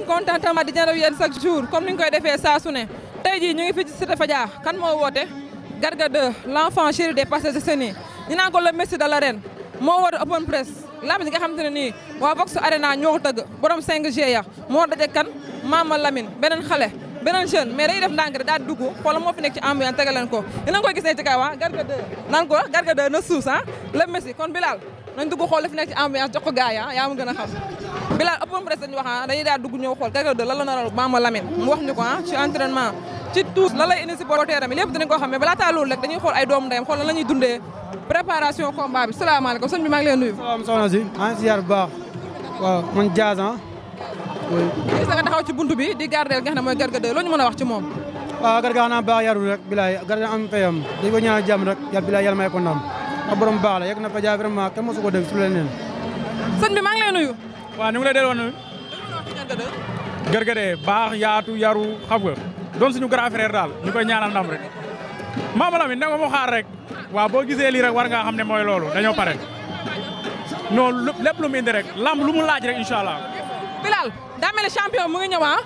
am contentement di ñëw yéen chaque jour comme ni ko koy defee saa su ne tey jii ñu ngi fii ci Cité Fadia kan moo woote Garga 2 l' enfant chéri des Parcelles ñu naan ko le Messi de moo woote open press lamb ji nga xam te ne nii waa Vox Arena ñoo ko tëgg borom 5G ya moo daje kan Mama Lamine beneen xale beneen jeune mais day def ndànk rek daal di dugg xoolal moo fi nekk ci ambiance tegal leen ko dinañ koy gis ne ci ah, Garga 2 naan ko ah, xool li fi nekk ci ah, a xam Bilal ëppoon presse dañu wax ah, dañuy daal dugg xool Garga 2 lan la naroon Bamba Lamine mu wax ko ah ci entraînement ci tous la lay indi si boteeram yi lépp dinañ ko xam mais balaataa loolu rek dañuy xool ay doomu ndeyam xool lan dundee préparation combat bi salaamaaleykum sëñ bi maa leen nuyu. salaam soxna si si yar bu baax waaw man Diaz ah. gis nga ci buntu bi di gardeel nga xam ne mooy Garga 2 loo ñu wax ci moom. a Garga xanaa baax yarul rek bilaay Garga am fayam dañ ko ñaanal jàmm rek ko ndam ak borom baax la na fa jaay vraiment kenn ko dégg su waa ñu ngi lay delloo na baax yaatu yaru xam nga doon suñu grand frère daal ñu koy ñaanal ndam rek Mama Lamine ne ko mu xaar rek waaw boo gisee lii rek war ngaa xam ne mooy loolu dañoo pare non lépp lu mu indi rek lamb lu mu laaj rek incha allah. Bilal daa mel ne champion mu ngi ñëw ah.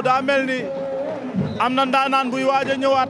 ñëw daa mel ni am na ndaanaan buy waaj a ñëwaat.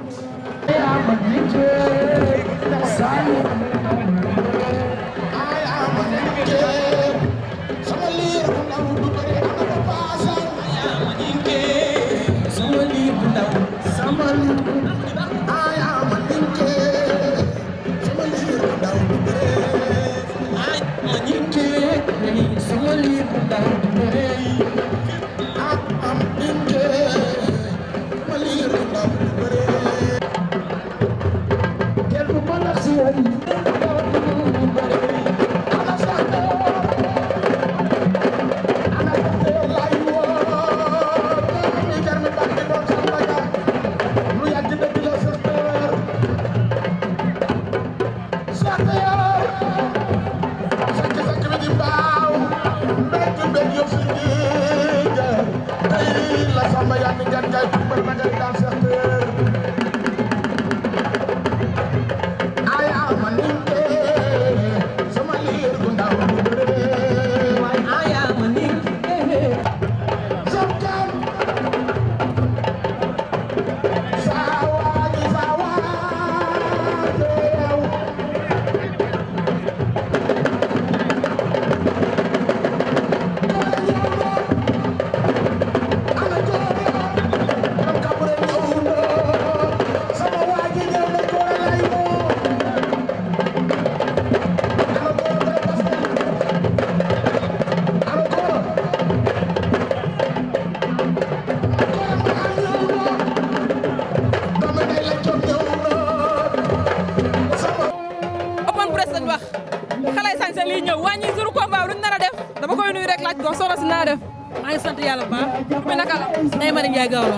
Ndiaye Gawlo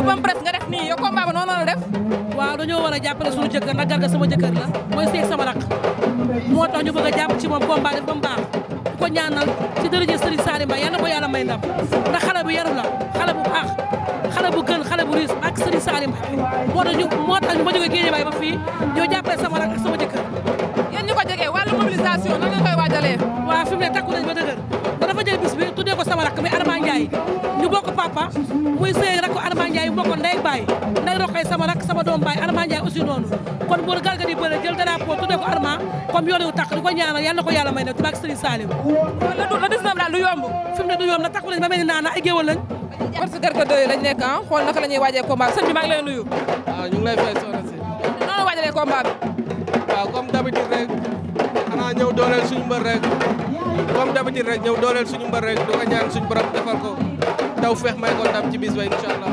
open press nga def nii yow combat ba noonu la def waaw dañoo war a jàppale suñu jëkkër ndax Garga sama jëkkër la mooy seeg sama rakk moo tax ñu bëgg a jàpp ci moom combat def ba mu baax ko ñaanal ci dërëjë Serigne Sary Mbaye yal na ko yàlla may ndam ndax xale bu yaru la xale bu baax xale bu gën xale bu riis ak Serigne Sary Mbaye moo tax ma jëkkër yéen ñu ko jegee wàllu mobilisation nan la koy waajalee waaw fi mu ne takku nañ ba dëgër muy sëy rakk Arma Ndiaye bu bokkoon nday baay nday sama rakk sama doom baay Arma Ndiaye aussi noonu kon boor Garga di bëre jël drapeau tuddee ko Arma comme yoonu takk di ko ñaanal yàlla na ko yàlla na ci bàkk Serigne Saliou la des daal du yomb fi ne du yomb na takku lañ ba naana ay géewal lañ parce que Garga doy lañ nekk ah nuyu waaw ah, lay fay soxna noonu waajalee combat bi waaw comme rek xanaa ñëw dooleel suñu rek comme d'habitude rek ñëw tawfeex may ko ndam ci bis ba incha allah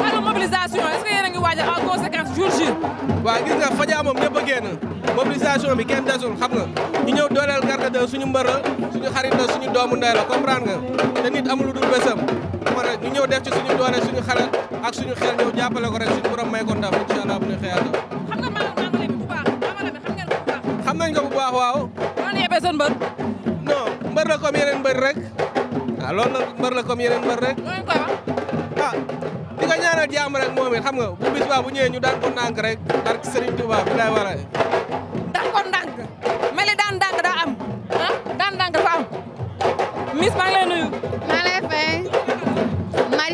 wàllu mobilisation wa ce que yéen a ngi waajal en conséquence jour J. waaw gis nga Fadia moom ñëpp a génn bi kenn desul xam nga ñu ñëw dooleel Garga suñu mbër la suñu xarit la suñu doomu ndey la comprendre nga te nit amul dul bésam xam ñu ñëw def ci suñu doole suñu xale ak suñu xel ñëw jàppale ko rek suñu borom may ko ndam incha allah bu ñu xëyaatoo. xam nga maanaam maamale bi bu baax maamale bi xam ngeen ko bu waaw loolu nag mbër la comme yeneen mbër rek. ah di ko ñaanal jàmm rek moom it xam bu bis ba bu ñëwee ñu daan ko ndànk rek barke Serigne Touba bi lay waral. daan ko ndànk meli daan ah, daan ndànk dafa am. Miss maa ngi lay nuyu. maa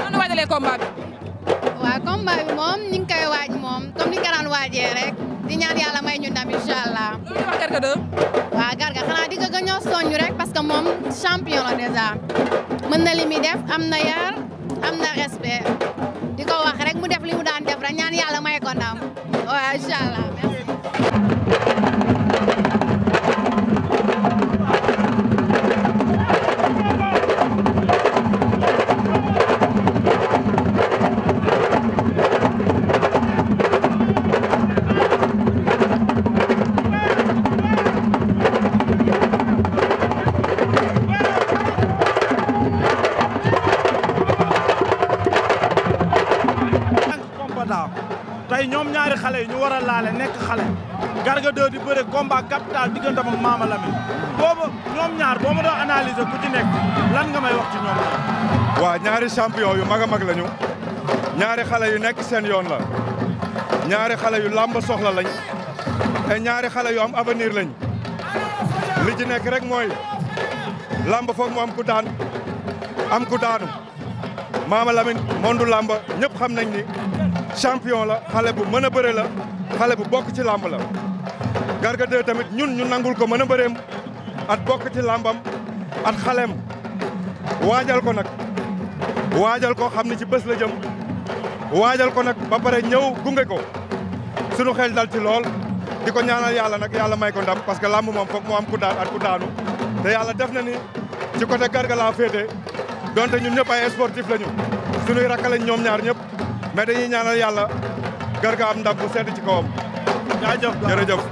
noonu waajalee combat bi. waaw combat bi moom ñu ngi koy waaj moom comme ni nga di ñaan yàlla may ñu ndam incha allah. waaw garga xanaa di gëgg ñoo soññu rek parce que moom champion la déjà mën na li muy def am na yar am na respect di ko wax rek mu def li mu daan def rek ñaan yàlla may ko ndam allah combat capital diggante ak Mama Lamine boobu ñoom ñaar lan waaw ñaari champion yu mag a lañu ñaari xale yu nekk seen yoon la ñaari xale yu làmb soxla lañ e ñaari xale yu am avenir lañ li ci nekk rek mooy làmb foog mu am ku daan am ku daanu Mama mondu làmb ñëpp xam nañ ni champion la xale bu mën a bëre la xale bu bokk ci làmb la Garga 2 tamit ñun ñu nangul ko mën a bëreem at bokk ci lambam at xaleem waajal ko nag waajal ko xam ne ci bés la jëm waajal ko nag ba pare ñëw gunge ko sunu xel dal ci lool di ko ñaanal yàlla nag yàlla may ko ndam parce que làmb moom foog mu am ku daan at ku daanu te yàlla def na ni ci côté Garga laa féete donte ñun ñëpp ay sportif lañu sunuy rakk lañ ñoom ñaar ñëpp mais dañuy ñaanal yàlla Garga am ndam bu sedd ci kawam. jaajëf jërëjëf.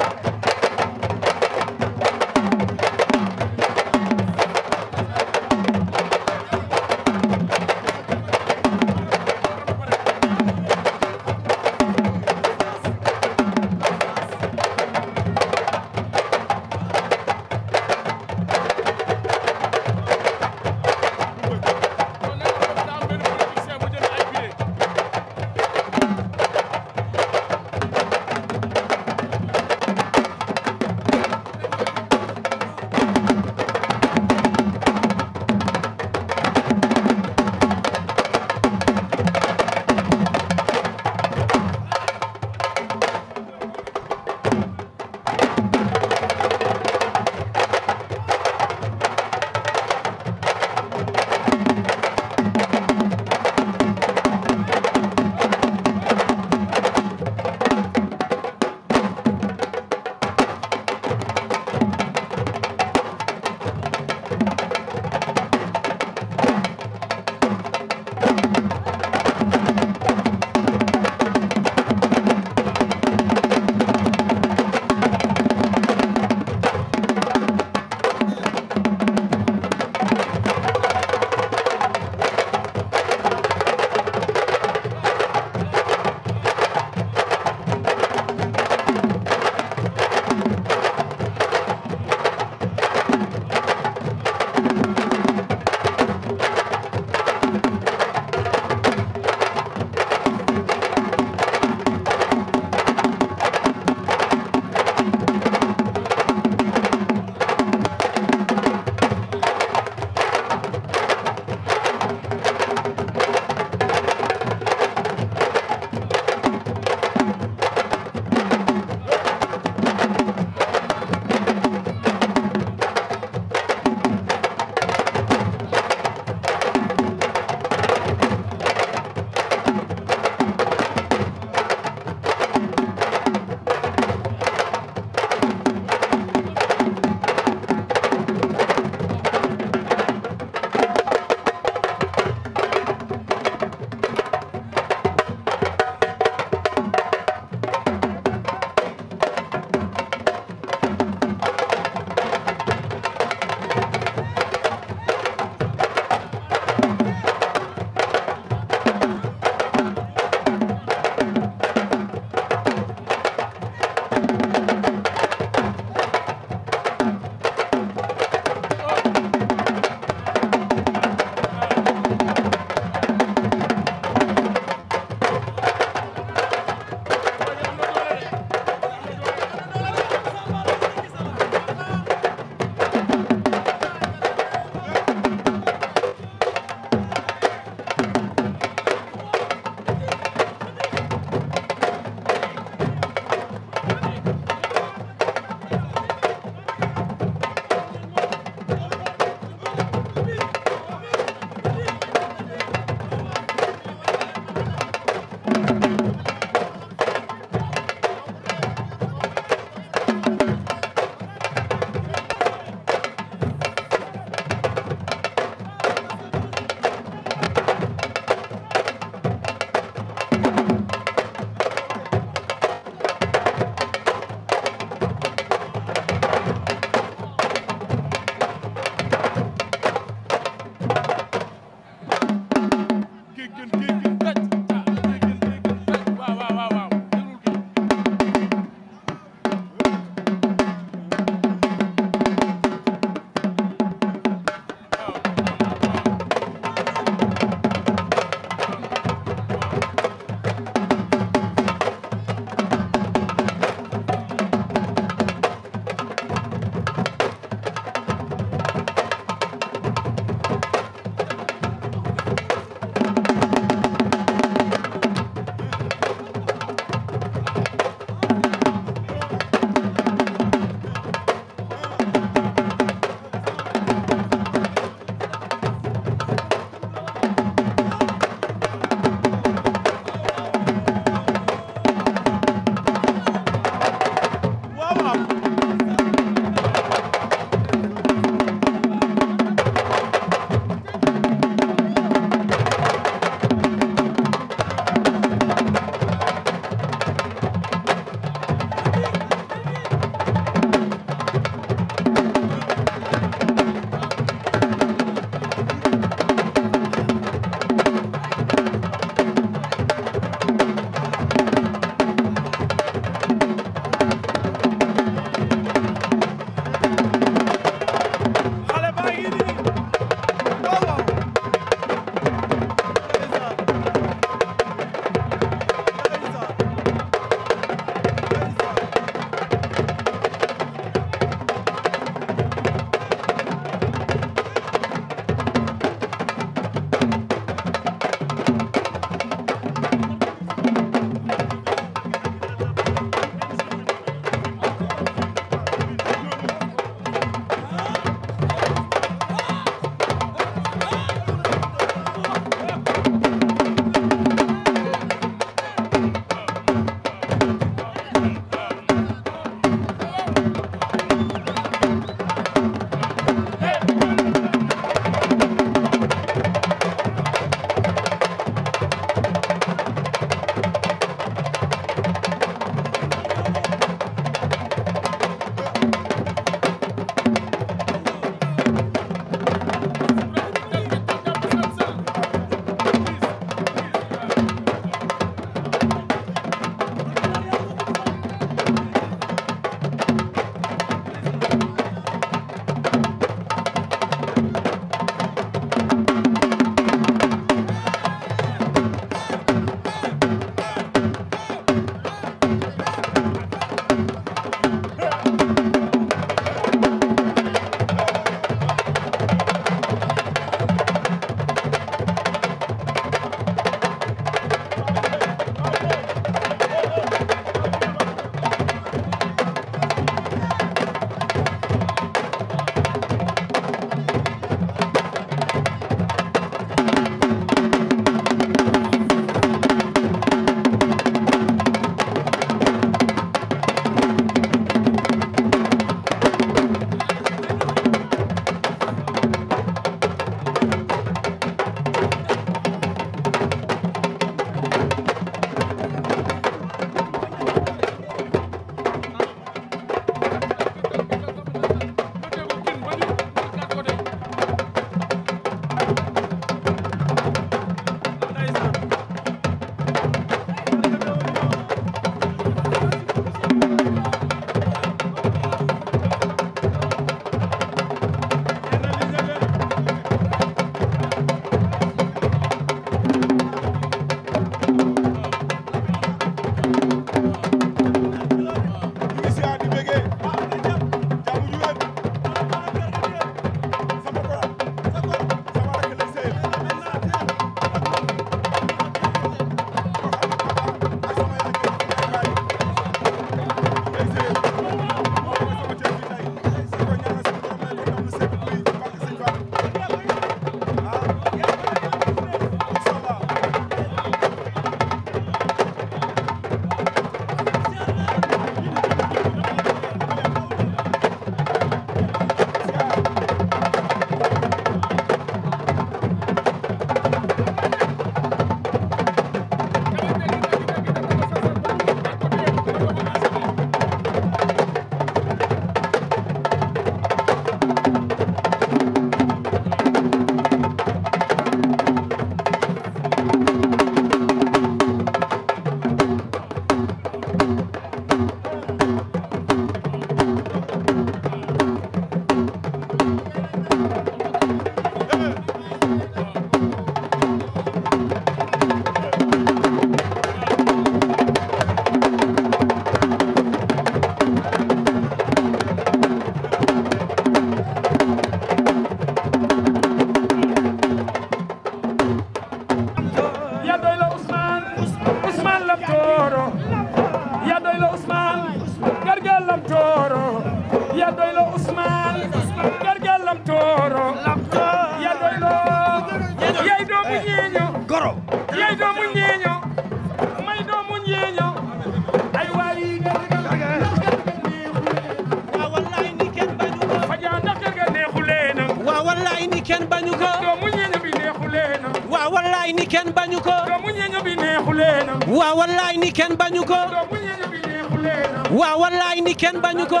doomu ñeeño bi neexu leena waa wallaay ni kenn bañu ko doomu waa wallaay ni kenn bañu ko doomu ñeeño waa wallaay ni kenn bañu ko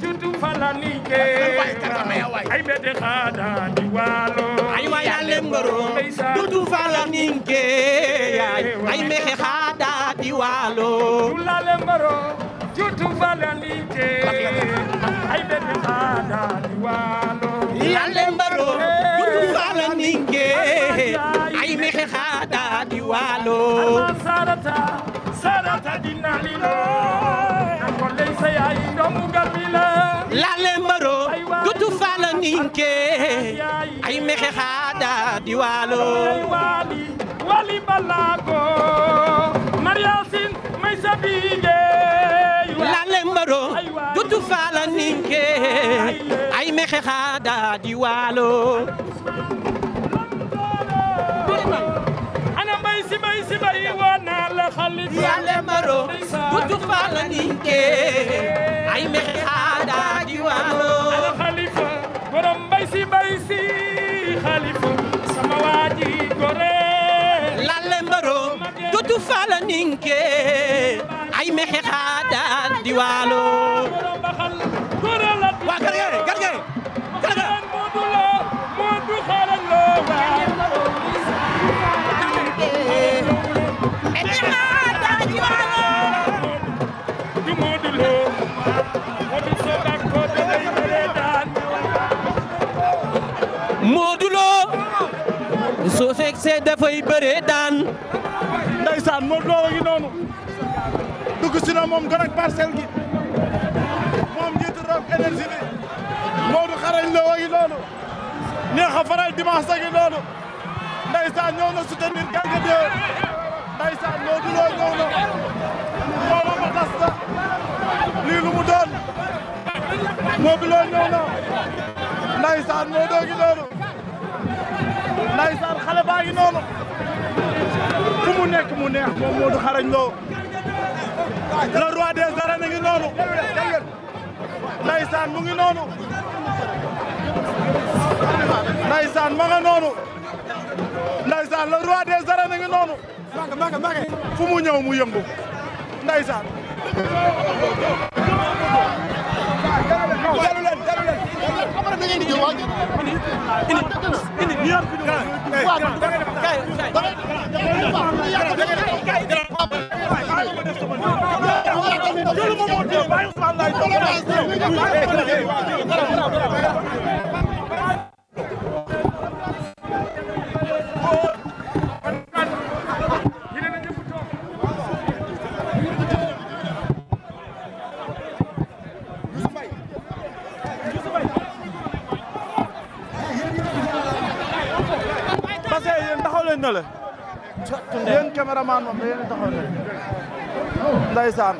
jutu ay bete xada di walo ay wa yalem ngoro jutu fala ni ay mexe xada di walo jutu falanite ay bebe fada di walo yalle mbaro jutu falanike ay mexe xada di walo sarata sarata dinalilo ko lay say ay doomu gabila lalle mbaro jutu falanike ay mexe xada di walo wali wali balago mariasin lale mbaro dutu faala ninke ay mexe xaada waalo ana mbay si mbay si la xalifa lale mbaro dutu faala ninke ay mexe ci waalo waa garge garge garge Modou Lo soo seeg see dafay bëree daan ndeysaan Modou Lo wa ngi noonu dugg moom gën ak gi moom njiitu Rock Énergie bi Modou xarañ la wagi loolu neex a faral dimanche gi loolu ndeysaan ñëw na soutenir Garga 2 ndeysaan Modou Lo ñëw na loolu ma tas mu doon Modou Lo ñëw na ndeysaan Modou gi loolu ndeysaan xale baa ngi noonu fu mu nekk mu neex moom Modou xarañ loo le roi des ngi noonu ndaysaan mu ngi noonu ndaysaan ma nga noonu ndaysaan le roi des ngi noonu fu mu ñëw mu yëngu yéen cameraman moom da yéen taxaw ne ndeysaan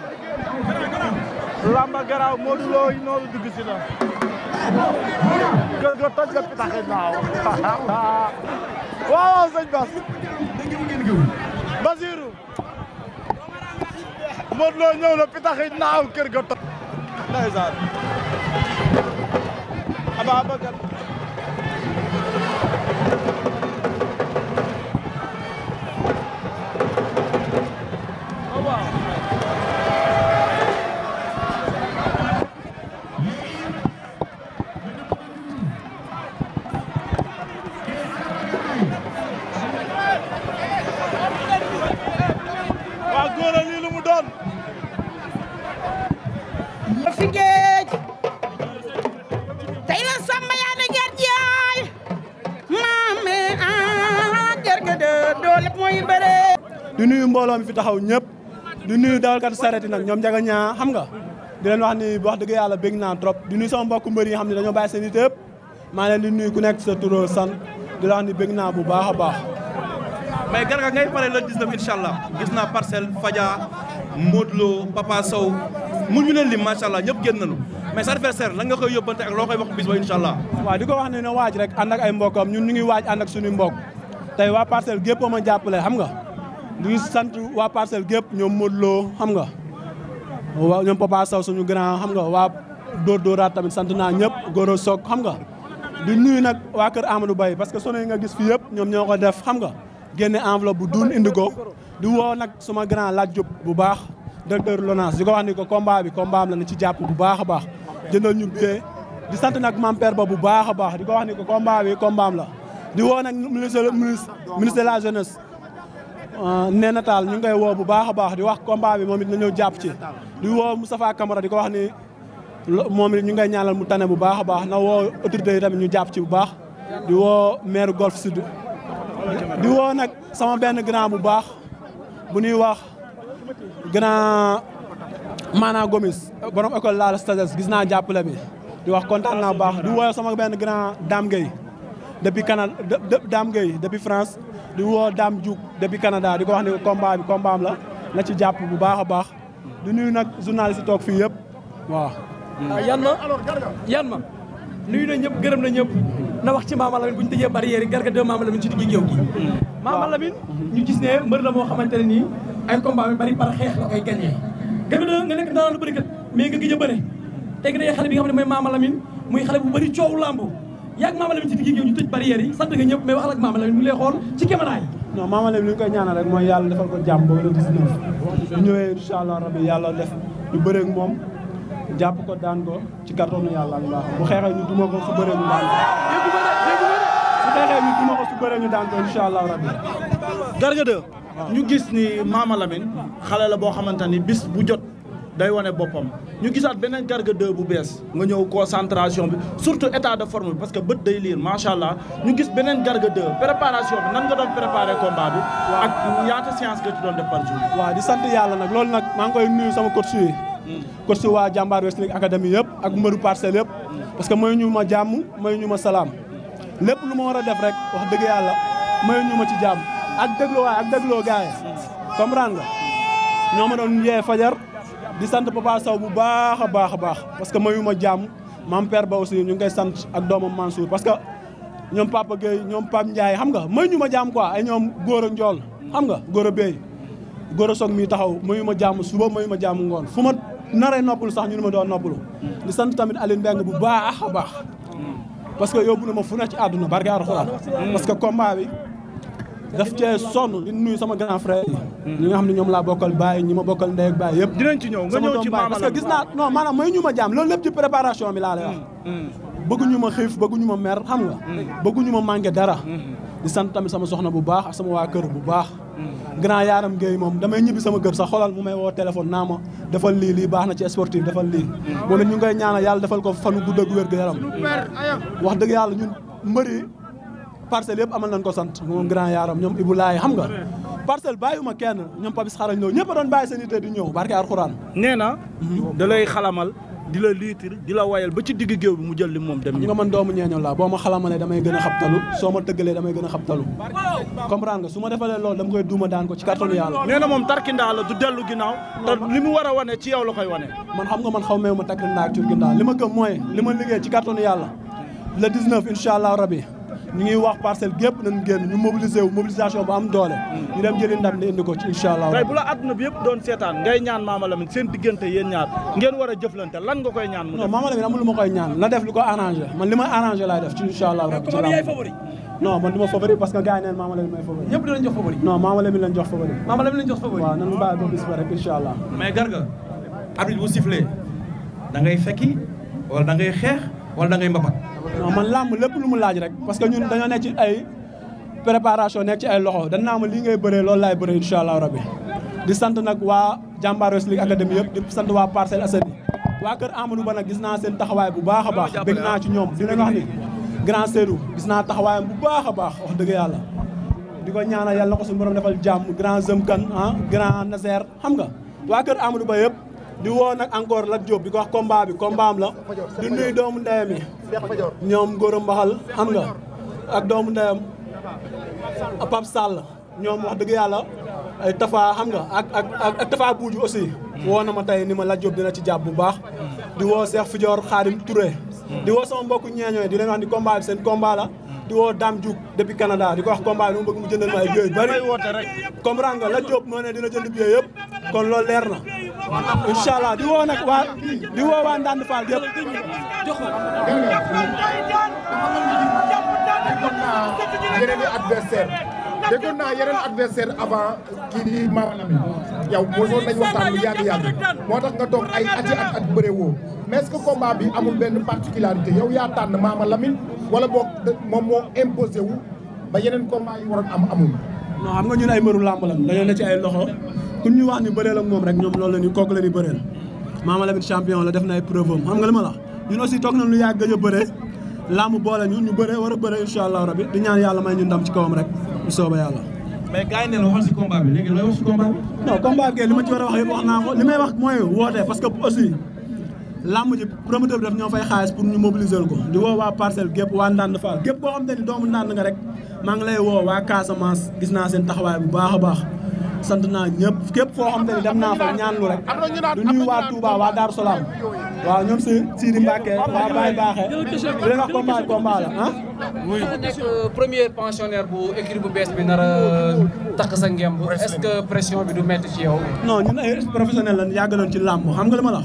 Lamba garaaw Modou Lo yi noonu dugg si na. gë gë toj nga pitax yi naaw. waaw sëñ Bas. Basirou. Modou ñëw na pitax naaw kër ga toj. ndeysaan. mbooloo mi fi taxaw ñëpp di nuyu dawalkatu sareet yi nag ñoom njaga ñaa xam nga di leen wax ni wax dëgg yàlla bég naa trop di nuyu sama mbokku xam ne dañoo bàyyi seen yitteep maa leen di nuyu ku nekk sa tur sant di la wax ni naa bu baax a baax mais Garga ngay pare le 19 incha allah gis naa parcelle Fadia Modou Lo Papa Sow mu ñu leen lim macha allah ñëpp génn nañu mais sa adversaire lan nga koy yóbbante ak loo koy wax bis ba incha allah di ko wax ne ne waaj rek ànd ak ay mbokkam ñun ñu ngi waaj ànd ak suñu mbokk tey waa parcelle gépp ma jàppale xam nga ñu ngi sant waa parcelle gépp ñoom Modou loo xam nga waaw ñoom Papa Sow ñu grand xam nga waa Dóor Dóoraat tamit sant naa ñëpp Goro Sock xam nga. di nuyu nag waa kër Amadou Baye parce que sono yi nga gis fi yëpp ñoom ñoo ko def xam nga génne enveloppe bu duun indi ko di woo nag suma grand laaj jub bu baax directeur Lonase di ko wax ni bi combat am la ci jàpp bu baax a baax jëndal ñu billet di sant nag mam ba bu baax a baax di ko wax ni ko combat bi combat am la di woo nag ministre ministre la jeunesse Euh, Néné Tall ñu ngi koy woo bu baax a baax di wax combat bi moom it na ñëw jàpp ci di woo Moustapha Camara di ko wax ni moom it ñu ngay ñaanal mu tane bu baax a baax na woo autorité yi tamit ñu jàpp ci bu baax di woo maire Golf Sud di woo nag sama benn grand bu baax bu ñuy wax grand maanaa Gomis borom école laal gis naa jàppale bi di wax kontaan naa bu baax di woo sama benn grand Dame depuis Canada Dame Gueye depuis France di woo Dame Diouf depuis Canada di ko wax ne combat bi combat am la na ci jàpp bu baax a baax di nuyu nag journaliste yi toog fii yëpp waaw. Ah, yan ma yan ma nuyu na ñëpp gërëm na ñëpp na wax ci Mama Lamine bu ñu tëjee barrière yi Garga 2 Mama Lamine ci digg géew gi. Hmm. Mama ñu gis ne mbër la moo xamante ne nii ay combat bi bari par xeex la koy gagné. Garga 2 nga nekk daanaka bëri kat mais nga gëj a bëre teg na xale bi nga xam ne muy xale bu bëri coow lambu. yàgg Mama Lamine ci digg géew tëj barrière yi sant nga ñëpp mais waxal ci caméra yi non ñu koy ñaanal rek mooy yàlla defal ko jàmm ba le 19 bu ñëwee incha allah rabbi ko daan ko ci kàttanu yàlla ak baax bu xeexee ñu duma ko su bëree ñu daan ko ñu duma ko su bëree ñu daan gis ni Mama Lamine xale la boo xamante ni bis bu jot day wane boppam ñu gisaat beneen Garga 2 bu bees nga ñëw concentration bi surtout état de forme bi parce que bët day liir macha allah ñu gis beneen Garga 2 préparation bi nan nga doon préparé combat bi. ak ñaata séance nga ci doon def par jour. di sant yàlla nag loolu nag maa ngi koy nuyu sama coach yi. Hmm. coach waa jàmbaar Wrestling Academy yëpp ak mbëru parcelle yëpp. parce que may ñu ma jàmm may ñu ma salaam lépp lu ma war a def rek wax dëgg yàlla may ñu ma ci jàmm ak dégloo waay ak dégloo gars yi hmm. comprendre nga ñoo di sant papa Sow bu baax a baax a baax parce que mayu ma jàmm maam père ba aussi ñu ngi sant ak doomam Mansour parce que ñoom papa Gueye ñoom Pape Ndiaye xam nga mayu ñu ma jàmm quoi ay ñoom góor a njool xam nga góor a béy góor a soog mi taxaw mayu ma jàmm suba mayu ma jàmm ngoon fu ma naree noppalu sax ñu ne ma doon noppalu di sant tamit Aline Mbengue bu baax a baax parce que yóbbu na ma fu ne ci àdduna barke alxuraan parce que combat bi daf cee sonn di nuyu sama grand frère yi ñi nga xam ne ñoom laa bokkal baay ñi ma bokkal ndey ak baay yëpp dinañ ci ñëw nga ñëw ci parce que gis naa non maanaam may ñu ma jaam loolu lépp ci préparation bi laa lay wax mm, mm. bëgguñu ma xiif bëgguñu ma mer xam nga mm. bëgguñu ma manqué dara di sant tamit sama soxna bu baax ak sama waa kër bu baax grand yaaram Guèye moom damay ñibbi sama kër sax xoolal mu may woo téléphone naa ma defal lii lii baax na ci sportif defal lii moom ñu ngay ñaanal yàlla defal ko fanu gudd ak wér gu yaram wax yàlla ñun mbëri parcelle yëpp amal nañ ko sant moom grand yaaram ñoom Ibou xam nga parcelle bàyyiwuma kenn ñoom Papis xarañ ñëw ñëpp a doon bàyyi seen idée di ñëw barke alxuraan nee na mhm. da xalamal di la liitir di la wayal ba ci digg géew bi mu jël li moom dem nga man doomu ñeeño laa boo ma xalamalee damay gën a xabtalu soo ma tëggalee damay gën a xabtalu comprendre nga su ma defalee loolu dama koy duuma daan ko ci kàttanu yàlla nee na moom tarkindaa la du ñu ngi wax parcelle gépp nañu génn ñu mobiliser wu mobilisation bu am doole. ñu dem ndam di indi ko ci incha allah. tey bu la àdduna bi yëpp doon seetaan ngay ñaan Mama Lamine seen diggante yéen ñaar ngeen war a jëflante lan nga koy ñaan. mu def non Mama Lamine amul lu ma koy ñaan la def lu ko arrangé man li may arrangé laay def ci incha allah. rek ci non man du ma favori parce jox favori. non Mama Lamine lañ jox favori. waaw nan bàyyi ba bis rek incha da ngay fekki wala da ngay xeex wala non man làmb lépp lu mu laaj rek parce que ñun dañoo nekk ci ay préparation nekk ci ay loxo dañ naa ma li ngay bëree loolu laay bëree incha allah rabbi di sant nag waa jàmbaar Wrestling Academy yëpp di sant waa Parcelles Assainies waa kër Amadou Ba nag gis naa seen taxawaay bu baax a baax bégg naa ci ñoom di leen wax ni grand Seydou gis naa taxawaayam bu baax a baax wax dëgg yàlla di ko ñaanal yàlla na ko suñu borom defal jàmm grand Zemkan ah grand Nazer xam nga waa kër Amadou Ba yëpp di woo nag encore Lat Diop di ko wax kombaa bi kombaam la di nuyu doomu ndeyam yi ñoom Gora Mbaxal xam nga ak doomu ndeyam Pape Sall ñoom wax dëgg yàlla ay Tafa xam nga ak ak ak Tafa Buuju aussi. woo na ma tey ni ma Lat Diop dina ci jàpp bu baax. di woo Cheikh Fidior Khadim Touré. di woo sama mbokku ñeeñoo di dina wax ni combat bi seen combat la. di woo Dame Diouf depuis Canada di ko wax combat bi mu bëgg mu jëndal ma ay billets yu bëri. nga Lat dina jënd yëpp kon leer incha allah di woo nag waa di woo waa Ndande Fall yëpp. déggoon naa yeneen i adversaire déggoon naa yeneen adversaire avant kii di Maram yow mosoon nañ waxtaan bu yàgg yàgg moo tax nga toog ay ati at at bëre woo mais est-ce que combat bi amul benn particularité yow yaa tànn Mama Lamine wala boog moom moo imposé wu ba yeneen combat yi waroon am amul. non xam nga ñun ay mbëru làmb lañ dañoo ne ci ay loxo. ku ñu wax ni bëreel ak moom rek ñoom loolu la kooku la ni bëreel Mama Lamine champion la def na ay am nga li ma la ñun aussi toog nañ lu yàgg a bëree làmb boole ñu ñu bëree war a bëree incha allah rabi di ñaan yàlla may ñu ndam ci kawam rek bu sooba yàlla mais gars yi li war a wax yëpp wax naa ko li may wax mooy woote parce aussi làmb ji promoteur bi daf ñoo fay xaalis pour ñu mobiliser ko di woo waa parcelle gépp waa Ndande Fall gépp boo xam te ni doomu Ndande nga gis naa seen taxawaay bu baax baax sant naa ñëpp képp foo xam te ni dem naa fa ñaan lu rek du nuyu waa Touba waa Darou Salaam waaw ñoom si Sidi Mbacke waa Baye Baaxe di leen wax combat ah? euh, bu équipe bu bees bi nar a takk sa ngemb est-ce que pression bi du métti ci yow. non ñun ay professionnel lañ yàgg nañ ci làmb xam nga li ma la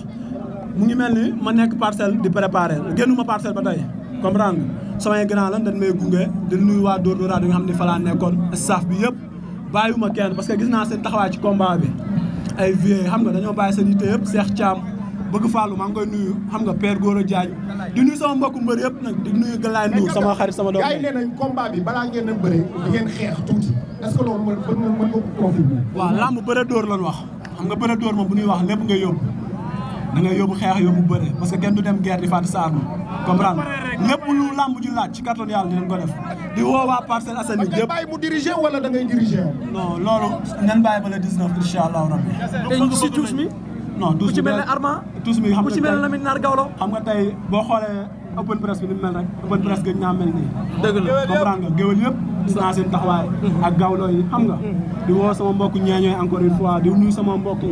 mu ngi mel ni ma nekk parcelle di préparer génnuma parcelle ba tey comprendre nga samay grand lan dañ may gunge di nuyu waa Dóor Dóoraat yi nga xam ne fa laa nekkoon staff bi yëpp. bàyyiwuma kenn parce que gis naa seen taxawaay ci combat bi ay vieux xam nga dañoo bàyyi seen yitte yëpp Cheikh Thiam bëgg Fallou maa ngi koy nuyu xam nga Père Gora Diagne di nuyu sama mbokku mbër yëpp nag di nuyu Galaye Ndour sama xarit sama doom gars yi nee bi balaa ngeen a bëre da ngeen xeex tuuti est-ce que loolu mën mën mën nga ko confirmer waaw lamb bëre dóor lañ wax xam nga bëre dóor moom bu ñuy wax lépp nga yóbbu da ngay yóbbu xeex yóbbu bëre parce que kenn du dem guerre di fàtte sa arme comprendre lépp lu làmb ju laaj ci yàlla dinañ ko def di woo waa Parcelles Assainies yëpp bàyyi mu diriger wala da ngay diriger loolu nan bàyyi ba le 19 incha allahu rabbi te si tuus mi non tuus ci mel ne Arma ku ci Gawlo xam nga tey boo xoolee open press bi ni mel rek open press gëj naa mel nii. dëgg la comprendre nga géwél yëpp gis naa seen taxawaay. ak xam nga. di woo sama mbokk ñeeñooy encore une fois di nuyu sama mbokk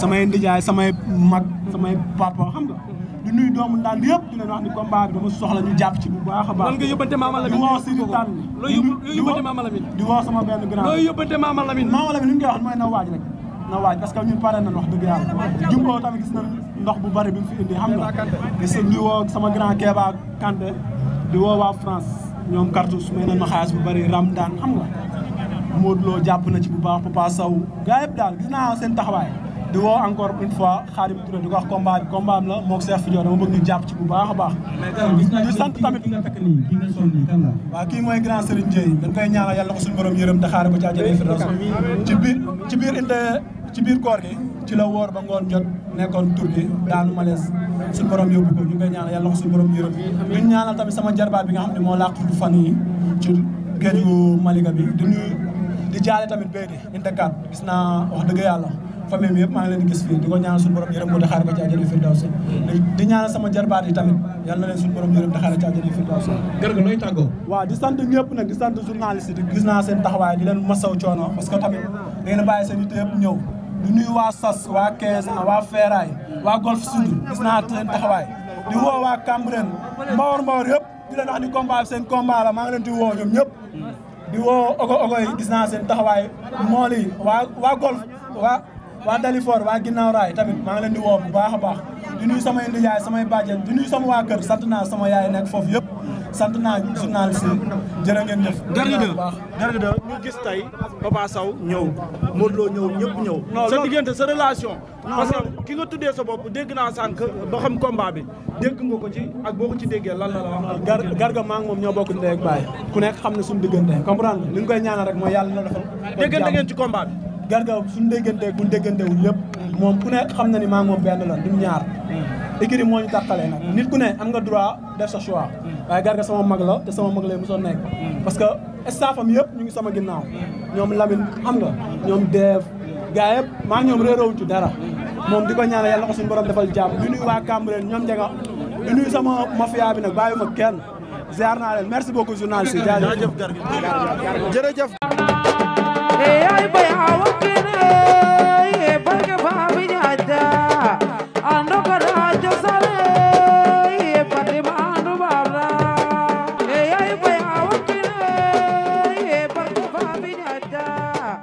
samay ndijaay samay mag samay papa xam nga. di nuyu doomu ndànd yëpp di leen wax ni combat bi dama soxla ñu jàpp ci bu baax a baax. lan nga yóbbante Mama Lamine di woo Sidi Tall. looy yóbbante Mama Lamine di woo sama benn grand. looy yóbbante Mama Lamine. Mama Lamine li ñu koy wax mooy na waaj rek na waaj parce que ñun pare nañ wax dëgg yàlla. Jumbo tamit ndox bu bari bi mu fi indi xam nga di si di woo sama grand Kéba Kanté di woo waa France ñoom Cartouche may nañ ma xaalis bu bari daan xam nga Modou Lo jàpp na ci bu baax bu baax gaa yëpp daal gis naa seen taxawaay di woo encore une fois Xaadim di ko wax combat bi combat am la moo ko Seex Fidio dama bëgg ñu jàpp ci bu baax a baax di sant tamit waaw kii mooy grand Serigne Ndiaye dañ koy ñaanal yàlla ko suñu borom yërëm te xaare ko ci àjjana fi ci biir ci biir inte ci biir koor gi ci la woor ba ngoon jot nekkoon tur bi daanu malaise suñu borom yóbbu ko ñu koy ñaanal yàlla ko suñu borom yërëm ñu ñaanal tamit sama jarbaat bi nga xam ne moo làqu du fan yi ci géeju Malika bi di nuyu di jaale tamit béykat yi intekat gis naa wax dëgg yàlla famille bi yëpp maa ngi leen di gis fii di ko ñaanal suñu borom yërëm ko te xaar ko ci àjjana firdawsi di ñaanal sama jarbaat yi tamit yàlla na leen suñu borom yërëm te xaar ci àjjana firdawsi gërëm looy tàggoo waaw di sant ñëpp nag di sant journaliste yi gis naa seen taxawaay di leen masaw coono parce que tamit da ngeen bàyyi seen yitte yëpp ñëw di nuyu waa sas waa 15 waa Feeraay waa Golf Sud gis naa seen taxawaay di woo waa Cambérène Mbawar Mbawar yëpp di leen wax ni combat seen combat la maa ngi leen di woo ñoom ñëpp di woo ogo ogo yi gis naa seen taxawaay mool yi waa waa Golf waa waa Dalifor waa ginnaaw raay tamit maa ngi leen di woo bu baax a baax di nuyu samay ndiyaay sama bàjjen di nuyu sama waa kër sant naa sama yaay nekk foofu yëpp sant naa journaliste yi jërë ngeen jëf. jërëjëf jërëjëf ñu gis tey Papa Sow ñëw Modou Lo ñëw ñëpp ñëw. sa diggante sa relation. parce que ki nga tuddee sa bopp dégg naa sànq ba xam combat bi dégg nga ko ci ak boo ko ci déggee lan la la wax. gar garga maa moom ñoo bokk ndey ak baay ku nekk xam ne suñu diggante comprendre li koy ñaanal rek mooy yàlla na defal. déggante ngeen ci combat bi. garga suñu déggante bu ñu déggante wu lépp moom ku nekk xam na ni maa ngi moom benn la duñ ñaar. Hmm. écurie moo ñu tàqalee nag mm. nit ku ne am nga droit def sa choix mm. waaye Garga sama mag la te sama mag lay mosoon nekk mm. parce que staffam yëpp ñu ngi sama ginnaaw ñoom Lamine xam nga ñoom Dev gars yëpp maa ñoom réeroowuñ ci dara moom di ko ñaanal yàlla ko suñu borom defal jàmm di nuyu waa Cambérène ñoom Ndiaga di nuyu sama mafia bi nag bàyyi ma kenn ziar naa leen merci beaucoup journaliste yi jaajëf jërëjëf